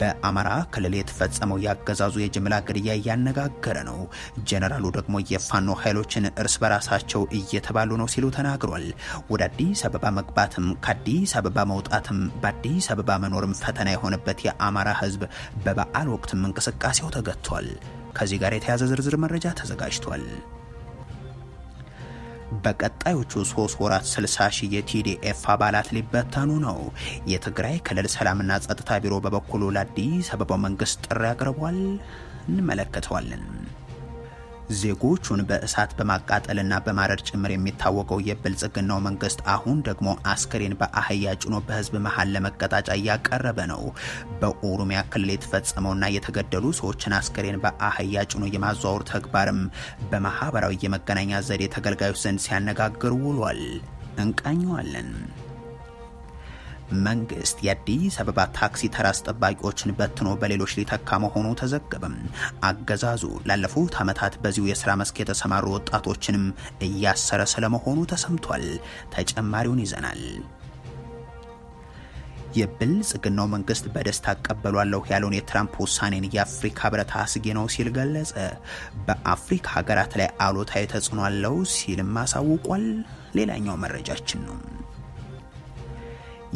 በአማራ ክልል የተፈጸመው ያገዛዙ የጅምላ ግድያ እያነጋገረ ነው። ጀነራሉ ደግሞ የፋኖ ኃይሎችን እርስ በራሳቸው እየተባሉ ነው ሲሉ ተናግሯል። ወደ አዲስ አበባ መግባትም ከአዲስ አበባ መውጣትም በአዲስ አበባ መኖርም ፈተና የሆነበት የአማራ ህዝብ በበዓል ወቅትም እንቅስቃሴው ተገጥቷል። ከዚህ ጋር የተያዘ ዝርዝር መረጃ ተዘጋጅቷል። በቀጣዮቹ ሶስት ወራት 60 ሺህ የቲዲኤፍ አባላት ሊበተኑ ነው። የትግራይ ክልል ሰላምና ጸጥታ ቢሮ በበኩሉ ለአዲስ አበባ መንግስት ጥሪ አቅርቧል። እንመለከተዋለን። ዜጎቹን በእሳት በማቃጠልና በማረድ ጭምር የሚታወቀው የብልጽግናው መንግስት አሁን ደግሞ አስክሬን በአህያ ጭኖ በህዝብ መሀል ለመቀጣጫ እያቀረበ ነው። በኦሮሚያ ክልል የተፈጸመውና የተገደሉ ሰዎችን አስክሬን በአህያ ጭኖ የማዘዋወር ተግባርም በማህበራዊ የመገናኛ ዘዴ ተገልጋዮች ዘንድ ሲያነጋግር ውሏል። እንቃኘዋለን። መንግስት የአዲስ አበባ ታክሲ ተራ አስጠባቂዎችን በትኖ በሌሎች ሊተካ መሆኑ ተዘገበም። አገዛዙ ላለፉት ዓመታት በዚሁ የስራ መስክ የተሰማሩ ወጣቶችንም እያሰረ ስለመሆኑ ተሰምቷል። ተጨማሪውን ይዘናል። የብልጽግናው መንግስት በደስታ አቀበሏለሁ ያለውን የትራምፕ ውሳኔን የአፍሪካ ህብረት አስጊ ነው ሲል ገለጸ። በአፍሪካ ሀገራት ላይ አሉታዊ ተጽዕኖ አለው ሲልም አሳውቋል። ሌላኛው መረጃችን ነው።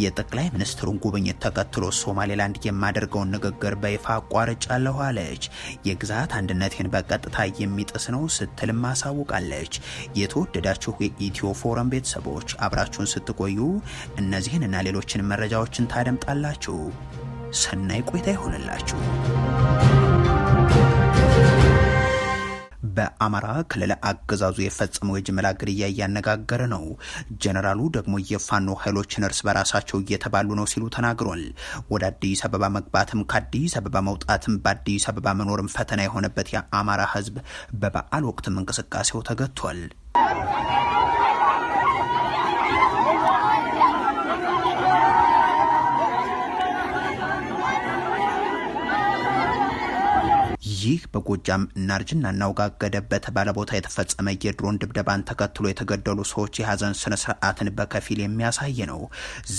የጠቅላይ ሚኒስትሩን ጉብኝት ተከትሎ ሶማሌላንድ የማደርገውን ንግግር በይፋ አቋርጫለሁ አለች። የግዛት አንድነቴን በቀጥታ የሚጥስ ነው ስትልም አሳውቃለች። የተወደዳችሁ የኢትዮ ፎረም ቤተሰቦች አብራችሁን ስትቆዩ እነዚህን እና ሌሎችን መረጃዎችን ታደምጣላችሁ። ሰናይ ቆይታ ይሆንላችሁ። በአማራ ክልል አገዛዙ የፈጸመው የጅምላ ግድያ እያነጋገረ ነው። ጀነራሉ ደግሞ የፋኖ ኃይሎችን እርስ በራሳቸው እየተባሉ ነው ሲሉ ተናግሯል። ወደ አዲስ አበባ መግባትም ከአዲስ አበባ መውጣትም በአዲስ አበባ መኖርም ፈተና የሆነበት የአማራ ህዝብ በበዓል ወቅትም እንቅስቃሴው ተገቷል። ይህ በጎጃም እናርጅና እናውጋገደ በተባለ ቦታ የተፈጸመ የድሮን ድብደባን ተከትሎ የተገደሉ ሰዎች የሀዘን ስነስርዓትን በከፊል የሚያሳይ ነው።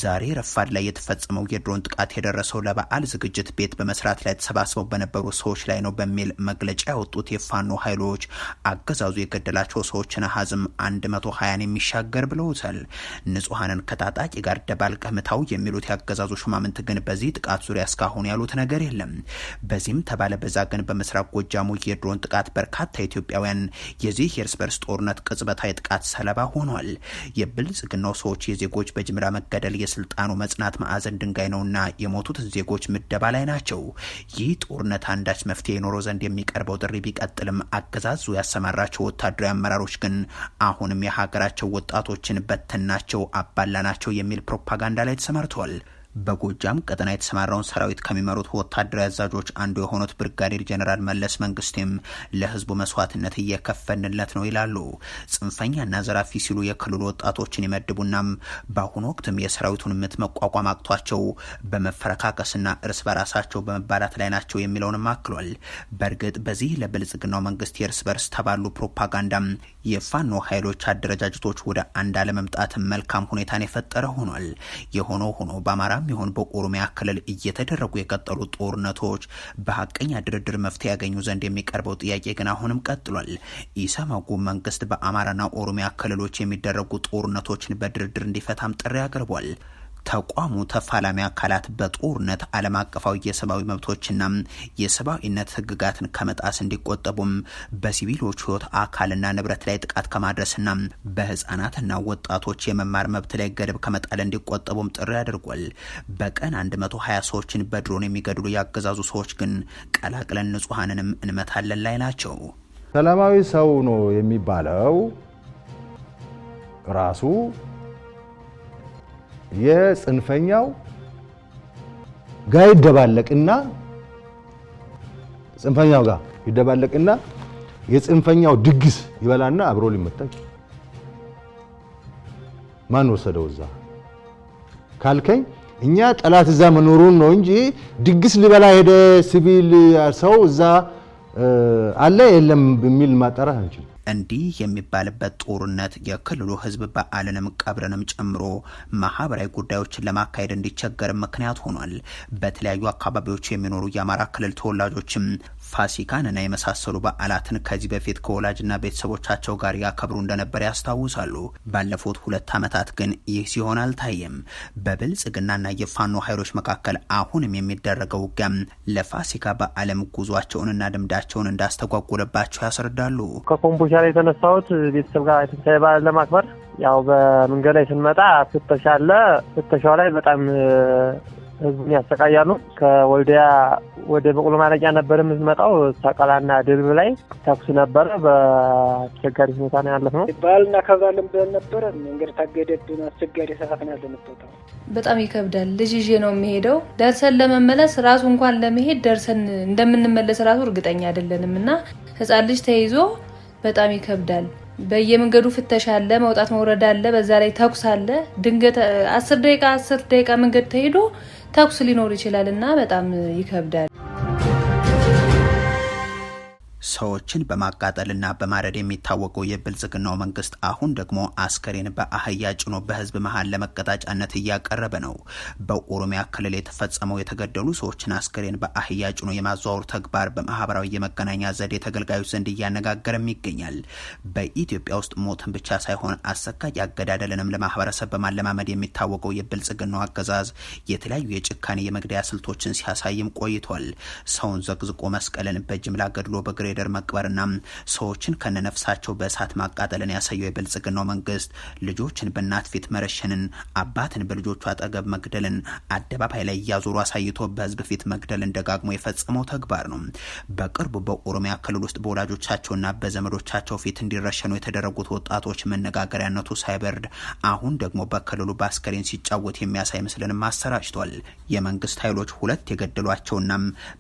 ዛሬ ረፋድ ላይ የተፈጸመው የድሮን ጥቃት የደረሰው ለበዓል ዝግጅት ቤት በመስራት ላይ ተሰባስበው በነበሩ ሰዎች ላይ ነው በሚል መግለጫ ያወጡት የፋኖ ኃይሎች አገዛዙ የገደላቸው ሰዎችን አሀዝም 120ን የሚሻገር ብለውታል። ንጹሐንን ከታጣቂ ጋር ደባልቀ ምታው የሚሉት የአገዛዙ ሹማምንት ግን በዚህ ጥቃት ዙሪያ እስካሁን ያሉት ነገር የለም። በዚህም ተባለ በዛ ግን በመስራት ምዕራብ ጎጃሙ የድሮን ጥቃት በርካታ ኢትዮጵያውያን የዚህ የእርስ በርስ ጦርነት ቅጽበታዊ ጥቃት ሰለባ ሆኗል። የብልጽግናው ሰዎች የዜጎች በጅምላ መገደል የስልጣኑ መጽናት ማዕዘን ድንጋይ ነውና የሞቱት ዜጎች ምደባ ላይ ናቸው። ይህ ጦርነት አንዳች መፍትሄ ይኖረው ዘንድ የሚቀርበው ጥሪ ቢቀጥልም አገዛዙ ያሰማራቸው ወታደራዊ አመራሮች ግን አሁንም የሀገራቸው ወጣቶችን በተናቸው አባላናቸው የሚል ፕሮፓጋንዳ ላይ ተሰማርተዋል። በጎጃም ቀጠና የተሰማራውን ሰራዊት ከሚመሩት ወታደራዊ አዛዦች አንዱ የሆኑት ብርጋዴር ጀነራል መለስ መንግስቴም ለህዝቡ መስዋዕትነት እየከፈንለት ነው ይላሉ። ጽንፈኛና ዘራፊ ሲሉ የክልሉ ወጣቶችን ይመድቡናም በአሁኑ ወቅትም የሰራዊቱን ምት መቋቋም አቅቷቸው በመፈረካከስና እርስ በራሳቸው በመባላት ላይ ናቸው የሚለውንም አክሏል። በእርግጥ በዚህ ለብልጽግናው መንግስት የእርስ በርስ ተባሉ ፕሮፓጋንዳም የፋኖ ኃይሎች አደረጃጀቶች ወደ አንድ አለመምጣት መልካም ሁኔታን የፈጠረ ሆኗል። የሆኖ ሆኖ በአማራም ይሁን በኦሮሚያ ክልል እየተደረጉ የቀጠሉ ጦርነቶች በሀቀኛ ድርድር መፍትሄ ያገኙ ዘንድ የሚቀርበው ጥያቄ ግን አሁንም ቀጥሏል። ኢሰመጉ መንግስት በአማራና ኦሮሚያ ክልሎች የሚደረጉ ጦርነቶችን በድርድር እንዲፈታም ጥሪ አቅርቧል። ተቋሙ ተፋላሚ አካላት በጦርነት ዓለም አቀፋዊ የሰብአዊ መብቶችና የሰብአዊነት ህግጋትን ከመጣስ እንዲቆጠቡም በሲቪሎች ህይወት አካልና ንብረት ላይ ጥቃት ከማድረስና በህፃናትና ወጣቶች የመማር መብት ላይ ገደብ ከመጣል እንዲቆጠቡም ጥሪ አድርጓል። በቀን 120 ሰዎችን በድሮን የሚገድሉ ያገዛዙ ሰዎች ግን ቀላቅለን ንጹሐንንም እንመታለን ላይ ናቸው። ሰላማዊ ሰው ነው የሚባለው ራሱ የጽንፈኛው ጋር ይደባለቅና ጽንፈኛው ጋር ይደባለቅና የጽንፈኛው ድግስ ይበላና አብሮ ሊመታ ማን ወሰደው እዛ ካልከኝ እኛ ጠላት እዛ መኖሩን ነው እንጂ ድግስ ሊበላ ሄደ ሲቪል ሰው እዛ አለ የለም በሚል ማጠራት አንችልም። እንዲህ የሚባልበት ጦርነት የክልሉ ህዝብ በዓልንም ቀብርንም ጨምሮ ማህበራዊ ጉዳዮችን ለማካሄድ እንዲቸገር ምክንያት ሆኗል። በተለያዩ አካባቢዎች የሚኖሩ የአማራ ክልል ተወላጆችም ፋሲካንና የመሳሰሉ በዓላትን ከዚህ በፊት ከወላጅና ቤተሰቦቻቸው ጋር ያከብሩ እንደነበር ያስታውሳሉ። ባለፉት ሁለት ዓመታት ግን ይህ ሲሆን አልታየም። በብልጽግናና የፋኖ ኃይሎች መካከል አሁንም የሚደረገው ውጊያም ለፋሲካ በዓለም ጉዟቸውንና ልምዳቸውን እንዳስተጓጉለባቸው ያስረዳሉ። ከኮምቦሻ ላይ የተነሳሁት ቤተሰብ ጋር የትንሳኤ በዓል ለማክበር ያው በመንገድ ላይ ስንመጣ ፍተሻ አለ። ፍተሻው ላይ በጣም ህዝቡን ያሰቃያሉ። ከወልዲያ ወደ በቅሎ ማረቂያ ነበር የምትመጣው። ሰቀላና ድርብ ላይ ተኩስ ነበረ። በአስቸጋሪ ሁኔታ ነው ነው። በዓል እናከብራለን ብለን ነበረ፣ መንገድ ታገደብን። አስቸጋሪ ሰዓት ነው ያለን። በጣም ይከብዳል። ልጅ ይዤ ነው የሚሄደው። ደርሰን ለመመለስ ራሱ እንኳን ለመሄድ ደርሰን እንደምንመለስ ራሱ እርግጠኛ አይደለንም እና ህፃን ልጅ ተይዞ በጣም ይከብዳል። በየመንገዱ ፍተሻ አለ፣ መውጣት መውረድ አለ፣ በዛ ላይ ተኩስ አለ። ድንገት አስር ደቂቃ አስር ደቂቃ መንገድ ተሄዶ ተኩስ ሊኖር ይችላል እና በጣም ይከብዳል። ሰዎችን በማቃጠልና በማረድ የሚታወቀው የብልጽግናው መንግስት አሁን ደግሞ አስከሬን በአህያ ጭኖ በህዝብ መሀል ለመቀጣጫነት እያቀረበ ነው። በኦሮሚያ ክልል የተፈጸመው የተገደሉ ሰዎችን አስከሬን በአህያ ጭኖ የማዘዋወር ተግባር በማህበራዊ የመገናኛ ዘዴ ተገልጋዮች ዘንድ እያነጋገረም ይገኛል። በኢትዮጵያ ውስጥ ሞትን ብቻ ሳይሆን አሰቃቂ አገዳደልንም ለማህበረሰብ በማለማመድ የሚታወቀው የብልጽግናው አገዛዝ የተለያዩ የጭካኔ የመግደያ ስልቶችን ሲያሳይም ቆይቷል። ሰውን ዘግዝቆ መስቀልን በጅምላ ገድሎ በግሬ በኮሪደር መቅበርና ሰዎችን ከነነፍሳቸው በእሳት ማቃጠልን ያሳየው የብልጽግናው መንግስት ልጆችን በእናት ፊት መረሸንን፣ አባትን በልጆቹ አጠገብ መግደልን፣ አደባባይ ላይ እያዞሩ አሳይቶ በህዝብ ፊት መግደልን ደጋግሞ የፈጸመው ተግባር ነው። በቅርቡ በኦሮሚያ ክልል ውስጥ በወላጆቻቸውና በዘመዶቻቸው ፊት እንዲረሸኑ የተደረጉት ወጣቶች መነጋገሪያነቱ ሳይበርድ አሁን ደግሞ በክልሉ በአስከሬን ሲጫወት የሚያሳይ ምስልንም አሰራጭቷል። የመንግስት ኃይሎች ሁለት የገደሏቸውና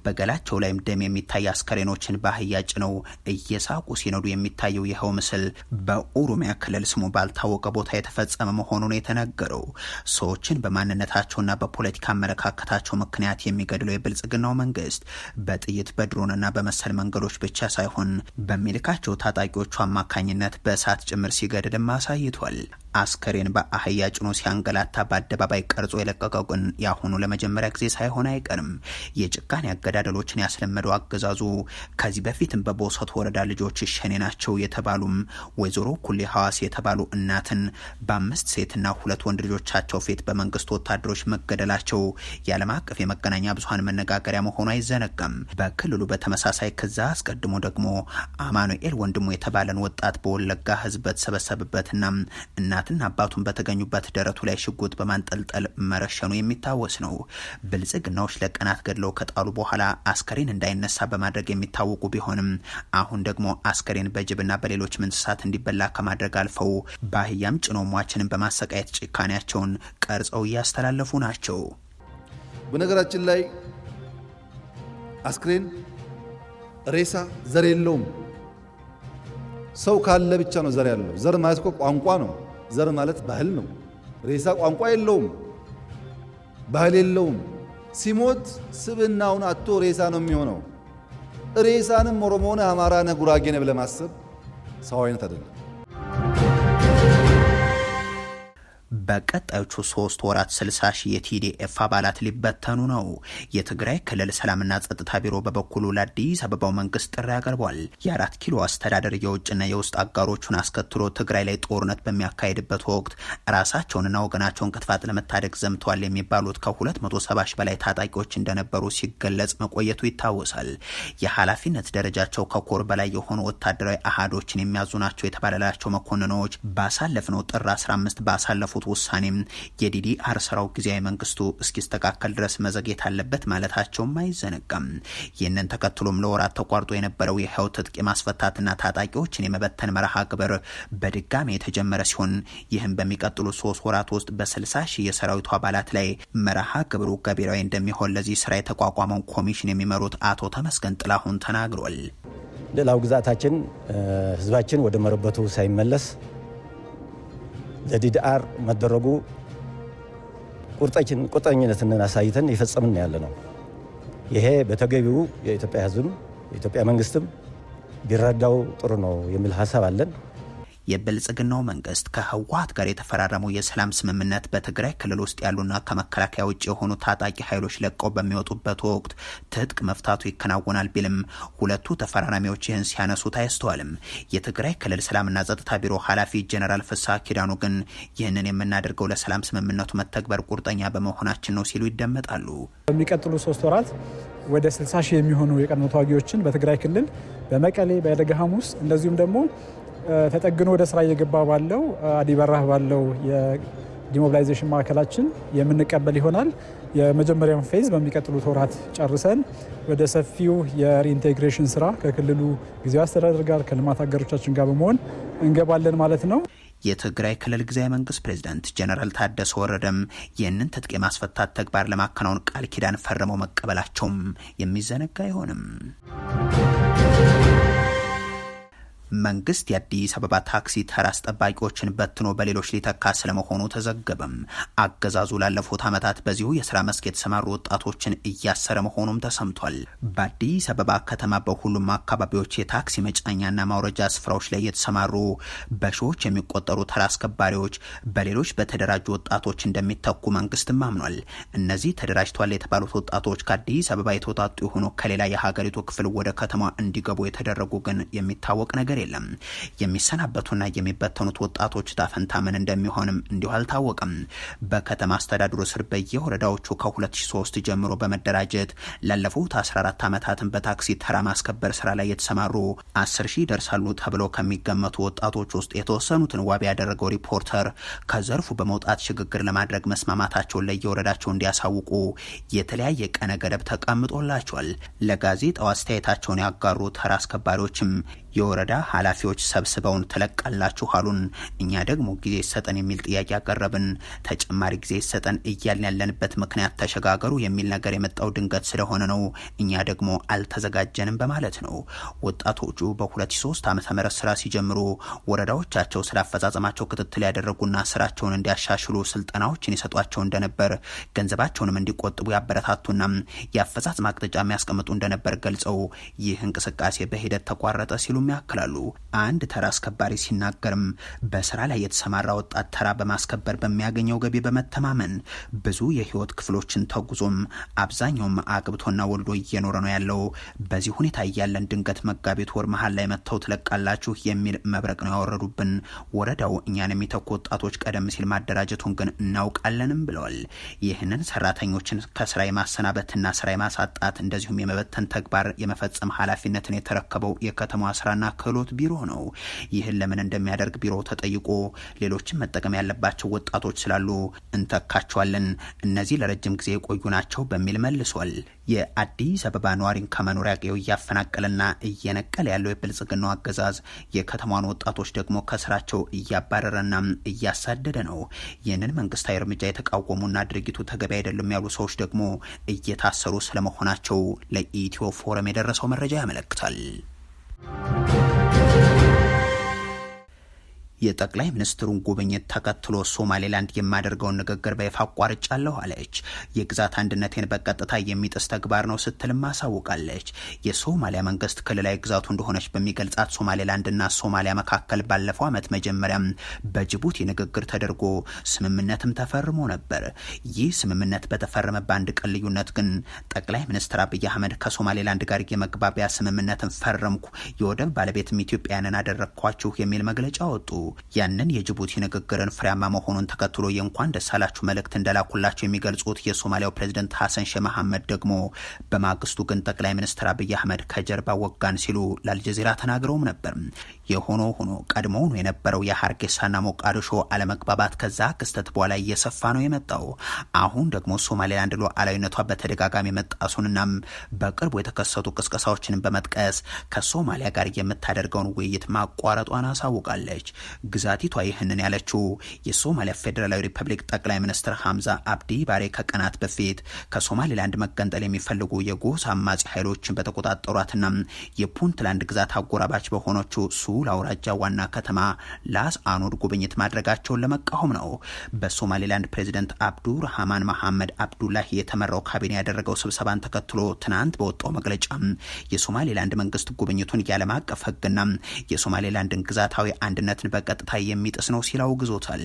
በገላቸው ላይም ደም የሚታይ አስከሬኖችን ባህያ እያጨ ነው እየሳቁ ሲነዱ የሚታየው ይኸው ምስል በኦሮሚያ ክልል ስሙ ባልታወቀ ቦታ የተፈጸመ መሆኑን የተነገረው ሰዎችን በማንነታቸውና በፖለቲካ አመለካከታቸው ምክንያት የሚገድለው የብልጽግናው መንግስት በጥይት በድሮንና በመሰል መንገዶች ብቻ ሳይሆን በሚልካቸው ታጣቂዎቹ አማካኝነት በእሳት ጭምር ሲገድልም አሳይቷል። አስከሬን በአህያ ጭኖ ሲያንገላታ በአደባባይ ቀርጾ የለቀቀው ግን የአሁኑ ለመጀመሪያ ጊዜ ሳይሆን አይቀርም። የጭካኔ አገዳደሎችን ያስለመደው አገዛዙ ከዚህ በፊትም በቦሰት ወረዳ ልጆች ሸኔ ናቸው የተባሉም ወይዘሮ ኩሌ ሐዋስ የተባሉ እናትን በአምስት ሴትና ሁለት ወንድ ልጆቻቸው ፊት በመንግስት ወታደሮች መገደላቸው የዓለም አቀፍ የመገናኛ ብዙሀን መነጋገሪያ መሆኑ አይዘነጋም። በክልሉ በተመሳሳይ ከዛ አስቀድሞ ደግሞ አማኑኤል ወንድሙ የተባለን ወጣት በወለጋ ህዝብ እና እናትና አባቱን በተገኙበት ደረቱ ላይ ሽጉጥ በማንጠልጠል መረሸኑ የሚታወስ ነው። ብልጽግናዎች ለቀናት ገድለው ከጣሉ በኋላ አስከሬን እንዳይነሳ በማድረግ የሚታወቁ ቢሆንም አሁን ደግሞ አስከሬን በጅብና በሌሎችም እንስሳት እንዲበላ ከማድረግ አልፈው ባህያም ጭኖ ሟችንን በማሰቃየት ጭካኔያቸውን ቀርጸው እያስተላለፉ ናቸው። በነገራችን ላይ አስክሬን ሬሳ ዘር የለውም። ሰው ካለ ብቻ ነው ዘር ያለው። ዘር ማለት እኮ ቋንቋ ነው። ዘር ማለት ባህል ነው። ሬሳ ቋንቋ የለውም፣ ባህል የለውም። ሲሞት ስብናውን አቶ ሬሳ ነው የሚሆነው። ሬሳንም ኦሮሞነ፣ አማራነ፣ ጉራጌነ ብለህ ማሰብ ሰው አይነት አይደለም። በቀጣዮቹ ሶስት ወራት 60 ሺህ የቲዲኤፍ አባላት ሊበተኑ ነው። የትግራይ ክልል ሰላምና ጸጥታ ቢሮ በበኩሉ ለአዲስ አበባው መንግስት ጥሪ አቅርቧል። የአራት ኪሎ አስተዳደር የውጭና የውስጥ አጋሮቹን አስከትሎ ትግራይ ላይ ጦርነት በሚያካሄድበት ወቅት ራሳቸውንና ወገናቸውን ከጥፋት ለመታደግ ዘምተዋል የሚባሉት ከ270 ሺህ በላይ ታጣቂዎች እንደነበሩ ሲገለጽ መቆየቱ ይታወሳል። የኃላፊነት ደረጃቸው ከኮር በላይ የሆኑ ወታደራዊ አሃዶችን የሚያዙ ናቸው የተባለላቸው መኮንኖች ባሳለፍነው ጥር 15 ባሳለፉ ያሳለፉት ውሳኔም የዲዲአር ስራው ጊዜያዊ መንግስቱ እስኪስተካከል ድረስ መዘግየት አለበት ማለታቸውም አይዘነጋም። ይህንን ተከትሎም ለወራት ተቋርጦ የነበረው የህይወት ትጥቅ የማስፈታትና ታጣቂዎችን የመበተን መርሃ ግብር በድጋሚ የተጀመረ ሲሆን ይህም በሚቀጥሉ ሶስት ወራት ውስጥ በስልሳ ሺህ የሰራዊቱ አባላት ላይ መርሃ ግብሩ ገቢራዊ እንደሚሆን ለዚህ ስራ የተቋቋመው ኮሚሽን የሚመሩት አቶ ተመስገን ጥላሁን ተናግሯል። ሌላው ግዛታችን ህዝባችን ወደ መረበቱ ሳይመለስ ለዲዲአር መደረጉ ቁርጠኝነትን አሳይተን የፈጸምን ያለ ነው። ይሄ በተገቢው የኢትዮጵያ ሕዝብም የኢትዮጵያ መንግስትም ቢረዳው ጥሩ ነው የሚል ሀሳብ አለን። የብልጽግናው መንግስት ከህወሓት ጋር የተፈራረመው የሰላም ስምምነት በትግራይ ክልል ውስጥ ያሉና ከመከላከያ ውጭ የሆኑ ታጣቂ ኃይሎች ለቀው በሚወጡበት ወቅት ትጥቅ መፍታቱ ይከናወናል ቢልም ሁለቱ ተፈራራሚዎች ይህን ሲያነሱት አይስተዋልም። የትግራይ ክልል ሰላምና ጸጥታ ቢሮ ኃላፊ ጀኔራል ፍሳ ኪዳኑ ግን ይህንን የምናደርገው ለሰላም ስምምነቱ መተግበር ቁርጠኛ በመሆናችን ነው ሲሉ ይደመጣሉ። በሚቀጥሉ ሶስት ወራት ወደ 60 ሺህ የሚሆኑ የቀድሞ ተዋጊዎችን በትግራይ ክልል በመቀሌ፣ በደጋሃሙስ እንደዚሁም ደግሞ ተጠግኖ ወደ ስራ እየገባ ባለው አዲበራህ ባለው የዲሞቢላይዜሽን ማዕከላችን የምንቀበል ይሆናል። የመጀመሪያውን ፌዝ በሚቀጥሉት ወራት ጨርሰን ወደ ሰፊው የሪኢንቴግሬሽን ስራ ከክልሉ ጊዜያዊ አስተዳደር ጋር ከልማት አጋሮቻችን ጋር በመሆን እንገባለን ማለት ነው። የትግራይ ክልል ጊዜያዊ መንግስት ፕሬዚዳንት ጀነራል ታደሰ ወረደም ይህንን ትጥቅ የማስፈታት ተግባር ለማከናወን ቃል ኪዳን ፈርመው መቀበላቸውም የሚዘነጋ አይሆንም። መንግስት የአዲስ አበባ ታክሲ ተራ አስጠባቂዎችን በትኖ በሌሎች ሊተካ ስለመሆኑ ተዘገበም። አገዛዙ ላለፉት ዓመታት በዚሁ የስራ መስክ የተሰማሩ ወጣቶችን እያሰረ መሆኑም ተሰምቷል። በአዲስ አበባ ከተማ በሁሉም አካባቢዎች የታክሲ መጫኛና ማውረጃ ስፍራዎች ላይ የተሰማሩ በሺዎች የሚቆጠሩ ተራ አስከባሪዎች በሌሎች በተደራጁ ወጣቶች እንደሚተኩ መንግስትም አምኗል። እነዚህ ተደራጅቷል የተባሉት ወጣቶች ከአዲስ አበባ የተወጣጡ የሆኑ ከሌላ የሀገሪቱ ክፍል ወደ ከተማ እንዲገቡ የተደረጉ ግን የሚታወቅ ነገር የለም። የሚሰናበቱና የሚበተኑት ወጣቶች ጣፈንታ ምን እንደሚሆንም እንዲሁ አልታወቀም። በከተማ አስተዳድሩ ስር በየወረዳዎቹ ከ2003 ጀምሮ በመደራጀት ላለፉት 14 ዓመታትን በታክሲ ተራ ማስከበር ስራ ላይ የተሰማሩ 10 ሺህ ይደርሳሉ ተብለው ከሚገመቱ ወጣቶች ውስጥ የተወሰኑትን ዋቢ ያደረገው ሪፖርተር ከዘርፉ በመውጣት ሽግግር ለማድረግ መስማማታቸውን ለየወረዳቸው እንዲያሳውቁ የተለያየ ቀነ ገደብ ተቀምጦላቸዋል። ለጋዜጣው አስተያየታቸውን ያጋሩ ተራ አስከባሪዎችም የወረዳ ኃላፊዎች ሰብስበውን ትለቃላችሁ አሉን። እኛ ደግሞ ጊዜ ይሰጠን የሚል ጥያቄ አቀረብን። ተጨማሪ ጊዜ ይሰጠን እያልን ያለንበት ምክንያት ተሸጋገሩ የሚል ነገር የመጣው ድንገት ስለሆነ ነው። እኛ ደግሞ አልተዘጋጀንም በማለት ነው። ወጣቶቹ በ2003 ዓ ም ስራ ሲጀምሩ ወረዳዎቻቸው ስለ አፈጻጸማቸው ክትትል ያደረጉና ስራቸውን እንዲያሻሽሉ ስልጠናዎችን የሰጧቸው እንደነበር ገንዘባቸውንም እንዲቆጥቡ ያበረታቱና የአፈጻጸም አቅጣጫ የሚያስቀምጡ እንደነበር ገልጸው ይህ እንቅስቃሴ በሂደት ተቋረጠ ሲሉም ያክላሉ። አንድ ተራ አስከባሪ ሲናገርም በስራ ላይ የተሰማራ ወጣት ተራ በማስከበር በሚያገኘው ገቢ በመተማመን ብዙ የህይወት ክፍሎችን ተጉዞም አብዛኛውም አግብቶና ወልዶ እየኖረ ነው ያለው። በዚህ ሁኔታ እያለን ድንገት መጋቢት ወር መሀል ላይ መጥተው ትለቃላችሁ የሚል መብረቅ ነው ያወረዱብን። ወረዳው እኛን የሚተኩ ወጣቶች ቀደም ሲል ማደራጀቱን ግን እናውቃለንም ብለዋል። ይህንን ሰራተኞችን ከስራ የማሰናበትና ስራ የማሳጣት እንደዚሁም የመበተን ተግባር የመፈጸም ኃላፊነትን የተረከበው የከተማዋ ስራ ፖለቲካና ክህሎት ቢሮ ነው። ይህን ለምን እንደሚያደርግ ቢሮ ተጠይቆ ሌሎችን መጠቀም ያለባቸው ወጣቶች ስላሉ እንተካቸዋለን፣ እነዚህ ለረጅም ጊዜ የቆዩ ናቸው በሚል መልሷል። የአዲስ አበባ ነዋሪን ከመኖሪያ ቀዬው እያፈናቀለና እየነቀለ ያለው የብልጽግናው አገዛዝ የከተማን ወጣቶች ደግሞ ከስራቸው እያባረረና እያሳደደ ነው። ይህንን መንግስታዊ እርምጃ የተቃወሙና ድርጊቱ ተገቢ አይደለም ያሉ ሰዎች ደግሞ እየታሰሩ ስለመሆናቸው ለኢትዮ ፎረም የደረሰው መረጃ ያመለክታል። Thank you. የጠቅላይ ሚኒስትሩን ጉብኝት ተከትሎ ሶማሌላንድ የማደርገውን ንግግር በይፋ አቋርጫለሁ አለች። የግዛት አንድነቴን በቀጥታ የሚጥስ ተግባር ነው ስትልም አሳውቃለች። የሶማሊያ መንግስት ክልላዊ ግዛቱ እንደሆነች በሚገልጻት ሶማሌላንድና ሶማሊያ መካከል ባለፈው ዓመት መጀመሪያም በጅቡቲ ንግግር ተደርጎ ስምምነትም ተፈርሞ ነበር። ይህ ስምምነት በተፈረመ በአንድ ቀን ልዩነት ግን ጠቅላይ ሚኒስትር አብይ አህመድ ከሶማሌላንድ ጋር የመግባቢያ ስምምነትን ፈረምኩ፣ የወደብ ባለቤትም ኢትዮጵያንን አደረግኳችሁ የሚል መግለጫ ወጡ። ያንን የጅቡቲ ንግግርን ፍሬያማ መሆኑን ተከትሎ የእንኳን ደስ አላችሁ መልእክት እንደላኩላቸው የሚገልጹት የሶማሊያው ፕሬዚደንት ሀሰን ሼህ መሐመድ ደግሞ በማግስቱ ግን ጠቅላይ ሚኒስትር አብይ አህመድ ከጀርባ ወጋን ሲሉ ለአልጀዚራ ተናግረውም ነበር። የሆኖ ሆኖ ቀድሞውኑ የነበረው የሀርጌሳና ሞቃዲሾ አለመግባባት ከዛ ክስተት በኋላ እየሰፋ ነው የመጣው። አሁን ደግሞ ሶማሌላንድ ሉዓላዊነቷ በተደጋጋሚ መጣሱንናም በቅርቡ የተከሰቱ ቅስቀሳዎችንም በመጥቀስ ከሶማሊያ ጋር የምታደርገውን ውይይት ማቋረጧን አሳውቃለች። ግዛቲቷ ይህንን ያለችው የሶማሊያ ፌዴራላዊ ሪፐብሊክ ጠቅላይ ሚኒስትር ሐምዛ አብዲ ባሬ ከቀናት በፊት ከሶማሌላንድ መገንጠል የሚፈልጉ የጎሳ አማጺ ኃይሎችን በተቆጣጠሯትና የፑንትላንድ ግዛት አጎራባች በሆነችው በልዑል አውራጃ ዋና ከተማ ላስ አኖድ ጉብኝት ማድረጋቸውን ለመቃወም ነው። በሶማሌላንድ ፕሬዚደንት አብዱር መሐመድ አብዱላሂ የተመራው ካቢኔ ያደረገው ስብሰባን ተከትሎ ትናንት በወጣው መግለጫ የሶማሌላንድ መንግስት ጉብኝቱን ያለም አቀፍ ህግና የሶማሌላንድን ግዛታዊ አንድነትን በቀጥታ የሚጥስ ነው ሲል አውግዞታል።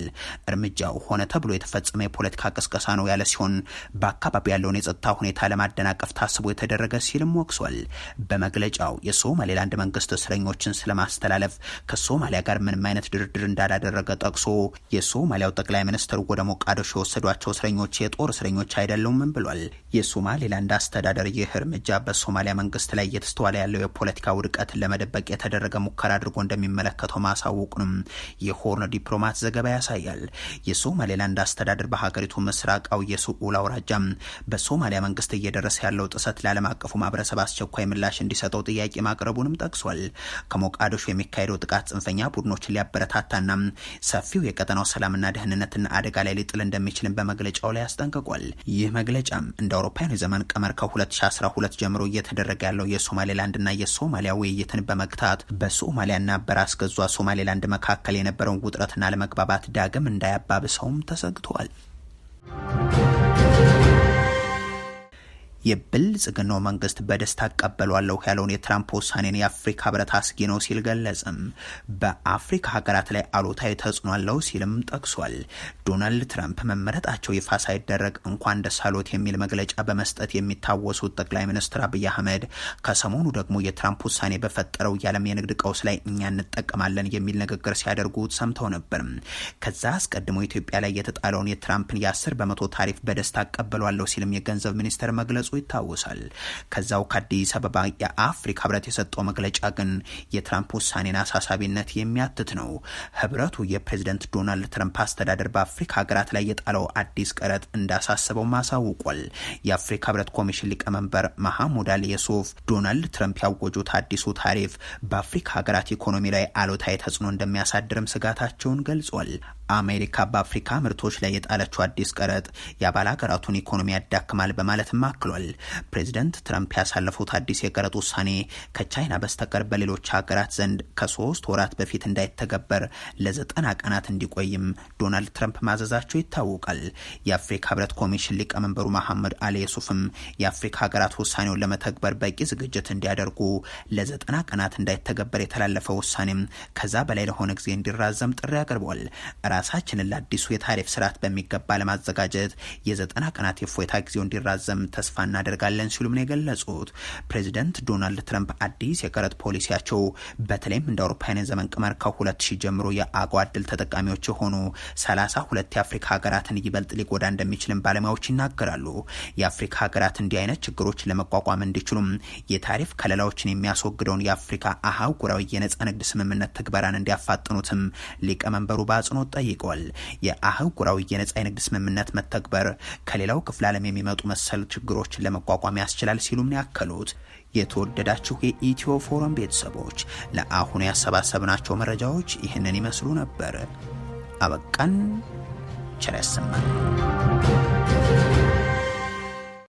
እርምጃው ሆነ ተብሎ የተፈጸመ የፖለቲካ ቅስቀሳ ነው ያለ ሲሆን በአካባቢ ያለውን የጸጥታ ሁኔታ ለማደናቀፍ ታስቦ የተደረገ ሲልም ወቅሷል። በመግለጫው የሶማሌላንድ መንግስት እስረኞችን ስለማስተላለፍ ለማለፍ ከሶማሊያ ጋር ምንም አይነት ድርድር እንዳላደረገ ጠቅሶ የሶማሊያው ጠቅላይ ሚኒስትር ወደ ሞቃዲሾ የወሰዷቸው እስረኞች የጦር እስረኞች አይደለውም ብሏል። የሶማሌላንድ አስተዳደር ይህ እርምጃ በሶማሊያ መንግስት ላይ እየተስተዋለ ያለው የፖለቲካ ውድቀትን ለመደበቅ የተደረገ ሙከራ አድርጎ እንደሚመለከተው ማሳወቁንም የሆርን ዲፕሎማት ዘገባ ያሳያል። የሶማሌላንድ አስተዳደር በሀገሪቱ ምስራቃዊ የሱኡል አውራጃ በሶማሊያ መንግስት እየደረሰ ያለው ጥሰት ለዓለም አቀፉ ማህበረሰብ አስቸኳይ ምላሽ እንዲሰጠው ጥያቄ ማቅረቡንም ጠቅሷል። ከሞቃዲሾ የሚ የሚካሄደው ጥቃት ጽንፈኛ ቡድኖችን ሊያበረታታና ሰፊው የቀጠናው ሰላምና ደህንነትን አደጋ ላይ ሊጥል እንደሚችልም በመግለጫው ላይ አስጠንቅቋል። ይህ መግለጫም እንደ አውሮፓውያኑ የዘመን ቀመር ከ2012 ጀምሮ እየተደረገ ያለው የሶማሌላንድና የሶማሊያ ውይይትን በመግታት በሶማሊያና በራስ ገዟ ሶማሌላንድ መካከል የነበረውን ውጥረትና ለመግባባት ዳግም እንዳያባብሰውም ተሰግቷል። የብልጽግናው መንግስት በደስታ አቀበሏለሁ ያለውን የትራምፕ ውሳኔን የአፍሪካ ህብረት አስጊ ነው ሲል ገለጽም። በአፍሪካ ሀገራት ላይ አሉታዊ ተጽዕኖ አለው ሲልም ጠቅሷል። ዶናልድ ትራምፕ መመረጣቸው ይፋ ሳይደረግ እንኳን ደስ አሎት የሚል መግለጫ በመስጠት የሚታወሱት ጠቅላይ ሚኒስትር አብይ አህመድ ከሰሞኑ ደግሞ የትራምፕ ውሳኔ በፈጠረው የዓለም የንግድ ቀውስ ላይ እኛ እንጠቀማለን የሚል ንግግር ሲያደርጉ ሰምተው ነበር። ከዛ አስቀድሞ ኢትዮጵያ ላይ የተጣለውን የትራምፕን የአስር በመቶ ታሪፍ በደስታ አቀበሏለሁ ሲልም የገንዘብ ሚኒስቴር መግለጹ ይታወሳል። ከዛው ከአዲስ አበባ የአፍሪካ ህብረት የሰጠው መግለጫ ግን የትራምፕ ውሳኔን አሳሳቢነት የሚያትት ነው። ህብረቱ የፕሬዝደንት ዶናልድ ትራምፕ አስተዳደር በአፍሪካ ሀገራት ላይ የጣለው አዲስ ቀረጥ እንዳሳሰበው ማሳውቋል። የአፍሪካ ህብረት ኮሚሽን ሊቀመንበር መሐሙድ አሊ የሱፍ ዶናልድ ትራምፕ ያወጁት አዲሱ ታሪፍ በአፍሪካ ሀገራት ኢኮኖሚ ላይ አሉታዊ ተጽዕኖ እንደሚያሳድርም ስጋታቸውን ገልጿል። አሜሪካ በአፍሪካ ምርቶች ላይ የጣለችው አዲስ ቀረጥ የአባል ሀገራቱን ኢኮኖሚ ያዳክማል በማለትም አክሏል። ፕሬዚደንት ትራምፕ ያሳለፉት አዲስ የቀረጥ ውሳኔ ከቻይና በስተቀር በሌሎች ሀገራት ዘንድ ከሶስት ወራት በፊት እንዳይተገበር ለዘጠና ቀናት እንዲቆይም ዶናልድ ትራምፕ ማዘዛቸው ይታወቃል። የአፍሪካ ህብረት ኮሚሽን ሊቀመንበሩ መሐመድ አሊ የሱፍም የአፍሪካ ሀገራት ውሳኔውን ለመተግበር በቂ ዝግጅት እንዲያደርጉ ለዘጠና ቀናት እንዳይተገበር የተላለፈ ውሳኔም ከዛ በላይ ለሆነ ጊዜ እንዲራዘም ጥሪ አቅርበዋል። ራሳችንን ለአዲሱ የታሪፍ ስርዓት በሚገባ ለማዘጋጀት የዘጠና ቀናት የፎይታ ጊዜው እንዲራዘም ተስፋ እናደርጋለን ሲሉም ነው የገለጹት። ፕሬዚደንት ዶናልድ ትረምፕ አዲስ የቀረጥ ፖሊሲያቸው በተለይም እንደ አውሮፓውያን ዘመን ቅመር ከ2000 ጀምሮ የአጎዋ ዕድል ተጠቃሚዎች የሆኑ 32 የአፍሪካ ሀገራትን ይበልጥ ሊጎዳ እንደሚችልም ባለሙያዎች ይናገራሉ። የአፍሪካ ሀገራት እንዲህ አይነት ችግሮች ለመቋቋም እንዲችሉም የታሪፍ ከለላዎችን የሚያስወግደውን የአፍሪካ አህጉራዊ የነጻ ንግድ ስምምነት ትግበራን እንዲያፋጥኑትም ሊቀመንበሩ በአጽንኦት ጠይቋል። የአህጉራዊ የነጻ የንግድ ስምምነት መተግበር ከሌላው ክፍለ ዓለም የሚመጡ መሰል ችግሮችን ለመቋቋም ያስችላል ሲሉም ነው ያከሉት። የተወደዳችሁ የኢትዮ ፎረም ቤተሰቦች ለአሁኑ ያሰባሰብናቸው መረጃዎች ይህንን ይመስሉ ነበር። አበቃን። ቸር ያሰማን።